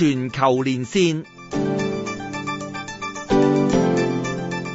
全球連線，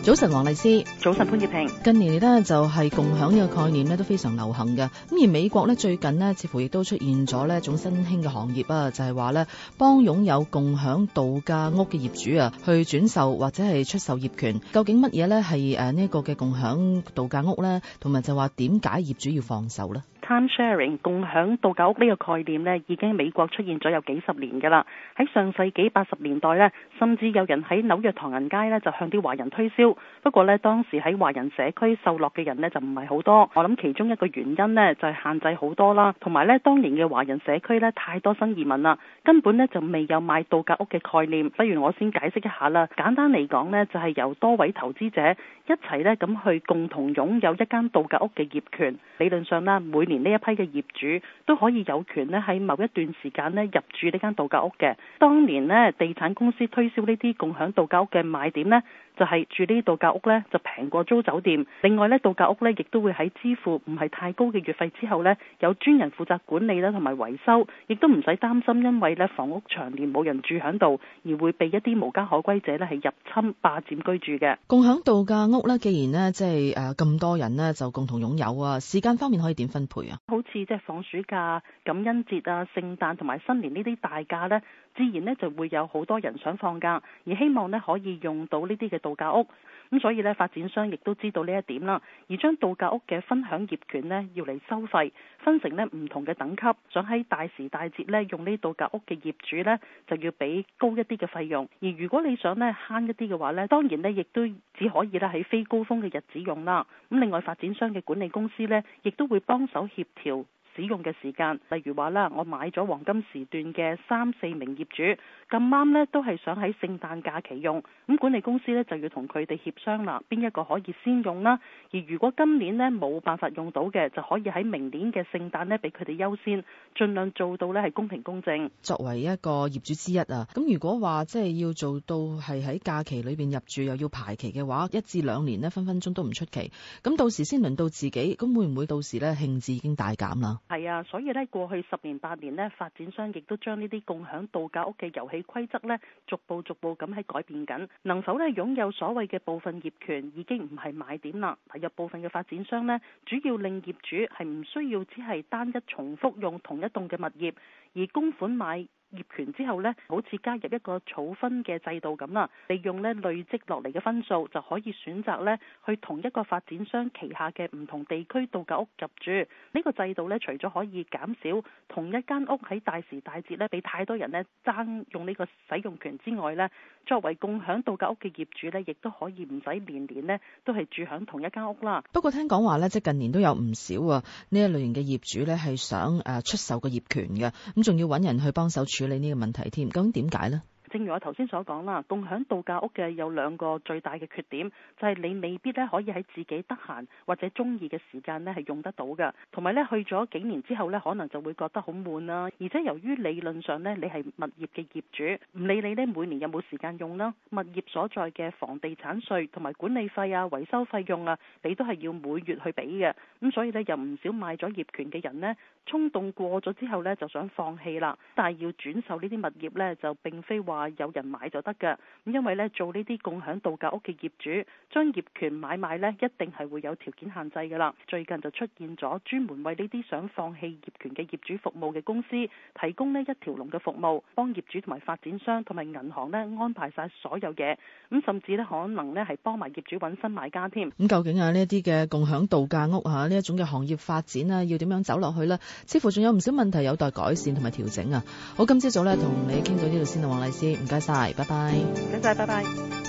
早晨黃麗施，早晨潘潔平。近年嚟呢，就係、是、共享呢個概念呢都非常流行嘅。咁而美國呢，最近呢，似乎亦都出現咗呢一種新興嘅行業啊，就係話呢，幫擁有共享度假屋嘅業主啊去轉售或者係出售業權。究竟乜嘢呢？係誒呢一個嘅共享度假屋呢，同埋就話點解業主要放手呢？Time sharing 共享度假屋呢個概念已經美國出現咗有幾十年㗎啦。喺上世紀八十年代甚至有人喺紐約唐人街就向啲華人推銷。不過呢，當時喺華人社區受落嘅人呢就唔係好多。我諗其中一個原因就係限制好多啦，同埋當年嘅華人社區太多新移民啦，根本就未有買度假屋嘅概念。不如我先解釋一下啦。簡單嚟講就係由多位投資者一齊咁去共同擁有一間度假屋嘅業權。理論上每年呢一批嘅業主都可以有權咧喺某一段時間咧入住呢間度假屋嘅。當年咧，地產公司推銷呢啲共享度假屋嘅賣點咧。就係住呢度假屋呢，就平過租酒店。另外呢，度假屋呢亦都會喺支付唔係太高嘅月費之後呢，有專人負責管理啦，同埋維修，亦都唔使擔心，因為咧房屋長年冇人住喺度，而會被一啲無家可歸者呢係入侵霸佔居住嘅。共享度假屋呢既然呢，即係誒咁多人呢就共同擁有啊，時間方面可以點分配啊？好似即係放暑假、感恩節啊、聖誕同埋新年呢啲大假呢，自然呢就會有好多人想放假，而希望呢可以用到呢啲嘅度假屋咁，所以咧發展商亦都知道呢一點啦，而將度假屋嘅分享業權呢，要嚟收費，分成呢唔同嘅等級，想喺大時大節咧用呢度假屋嘅業主呢，就要俾高一啲嘅費用，而如果你想咧慳一啲嘅話呢，當然呢，亦都只可以咧喺非高峰嘅日子用啦。咁另外發展商嘅管理公司呢，亦都會幫手協調。使用嘅時間，例如話啦，我買咗黃金時段嘅三四名業主，咁啱呢都係想喺聖誕假期用，咁管理公司呢，就要同佢哋協商啦，邊一個可以先用啦？而如果今年呢冇辦法用到嘅，就可以喺明年嘅聖誕呢俾佢哋優先，盡量做到呢係公平公正。作為一個業主之一啊，咁如果話即係要做到係喺假期裏邊入住又要排期嘅話，一至兩年呢分分鐘都唔出奇，咁到時先輪到自己，咁會唔會到時呢興致已經大減啦？係啊，所以呢，過去十年八年呢，發展商亦都將呢啲共享度假屋嘅遊戲規則呢逐步逐步咁喺改變緊。能否呢擁有所謂嘅部分業權已經唔係買點啦。有部分嘅發展商呢，主要令業主係唔需要只係單一重複用同一棟嘅物業，而供款買業權之後呢，好似加入一個儲分嘅制度咁啦，利用呢累積落嚟嘅分數，就可以選擇呢去同一個發展商旗下嘅唔同地區度假屋入住。呢個制度呢，除咗可以減少同一間屋喺大時大節呢俾太多人呢爭用呢個使用權之外呢，作為共享度假屋嘅業主呢，亦都可以唔使年年呢都係住喺同一間屋啦。不過聽講話呢，即係近年都有唔少啊呢一類型嘅業主呢，係想誒出售個業權嘅，咁仲要揾人去幫手。處理呢個問題添，究竟點解咧？正如我頭先所講啦，共享度假屋嘅有兩個最大嘅缺點，就係你未必咧可以喺自己得閒或者鍾意嘅時間咧係用得到嘅，同埋咧去咗幾年之後咧，可能就會覺得好悶啦。而且由於理論上咧，你係物業嘅業主，唔理你咧每年有冇時間用啦，物業所在嘅房地產稅同埋管理費啊、維修費用啊，你都係要每月去俾嘅。咁所以咧，有唔少賣咗業權嘅人呢，衝動過咗之後咧，就想放棄啦。但係要轉售呢啲物業咧，就並非話，有人買就得嘅。咁，因為咧做呢啲共享度假屋嘅業主將業權買賣咧，一定係會有條件限制噶啦。最近就出現咗專門為呢啲想放棄業權嘅業主服務嘅公司，提供咧一條龍嘅服務，幫業主同埋發展商同埋銀行咧安排晒所有嘢。咁甚至呢，可能呢係幫埋業主揾新買家添。咁究竟啊呢一啲嘅共享度假屋啊呢一種嘅行業發展啊，要點樣走落去呢？似乎仲有唔少問題有待改善同埋調整啊！好，今朝早咧同你傾到呢度先啊，黃麗施唔該晒，拜拜。唔該晒，拜拜。